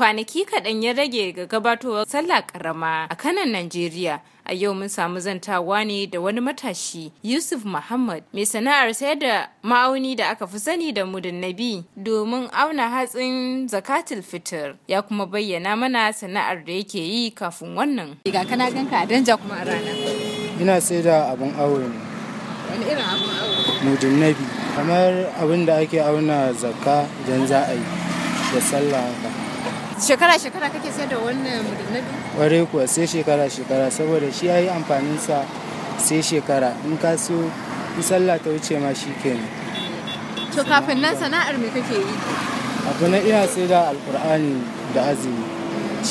kwanaki kaɗan ya rage ga gabatowar sallah karama a kanan Najeriya. A yau mun samu zantawa ne da wani matashi Yusuf Muhammad mai sana'ar sayar da ma'auni da aka fi sani da mudin nabi domin auna hatsin zakatul fitir ya kuma bayyana mana sana'ar da yake yi kafin wannan. Ga kana ganka a danja kuma a rana. Ina sai da abin aure ne. Wani irin abin aure? Mudin nabi. Kamar abin da ake auna zakka don za a da sallah shekara-shekara kake sayar da wannan mudunnabi? ware kuwa sai shekara-shekara saboda shi ya yi amfaninsa sai shekara in ka so in sallah ta wuce ma shi kenan. to kafin nan sana'ar me kake yi? abu na iya sai da alkur'ani da azumi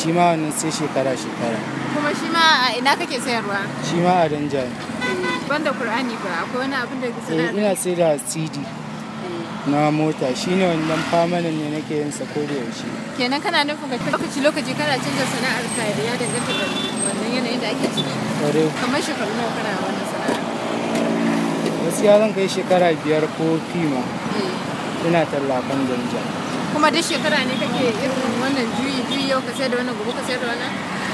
shi ma wannan sai shekara-shekara kuma shi ma a ina kake sayarwa? shi ma a danja eh, banda kur'ani ba akwai wani abin da ke eh, sana'ar? ina sai da cd na mota shi shine wannan famanin ne nake yin sa ko da yaushe kenan kana nufin ka lokaci lokaci kana canza sana'ar ka da ya danganta da wannan yanayin da ake ciki kamar shekaru nawa kana wannan sana'ar gaskiya zan kai shekara biyar ko fima eh. ina tallafan danja kuma duk shekara ne kake irin wannan juyi juyi yau ka sayar da wannan gobe ka sayar da wannan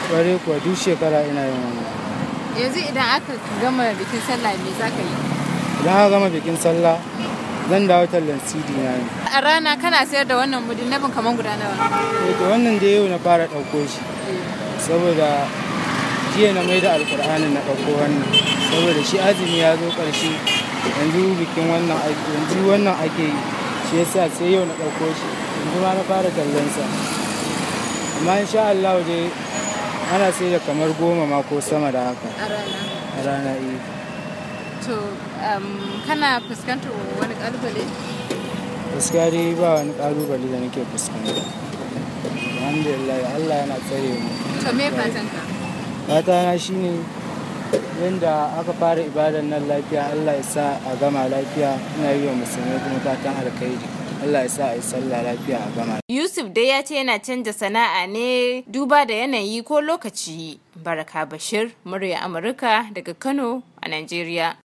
kware kuwa duk shekara ina yin wannan yanzu idan aka gama bikin sallah me za ka yi idan aka gama bikin sallah zan da wutar lansidi na ne a rana kana sayar da wannan nabin kamar guda nawa da eh, wannan da yau na fara ɗauko shi saboda jiya na mai da alƙur'anin na ɗauko wannan saboda shi azumi ya zo ƙarshe yanzu bikin wannan ake yanzu wannan ake yi shi yasa sai yau na ɗauko shi yanzu ma na fara kallon amma amma insha Allah dai ana sai da kamar goma ma ko sama da haka a rana a rana eh to um, kana fuskantar wani kalubale gaskiya dai ba wani kalubale da nake fuskanta alhamdulillah Allah yana tsare mu to me fatanka fata na shine yadda aka fara ibadar nan lafiya Allah ya sa a gama lafiya ina yi wa musulmai kuma fatan alkhairi Allah ya sa a yi sallah lafiya a gama. Yusuf dai ya ce yana canza sana'a ne duba da yanayi ko lokaci. Baraka Bashir, murya Amurka daga Kano a Najeriya.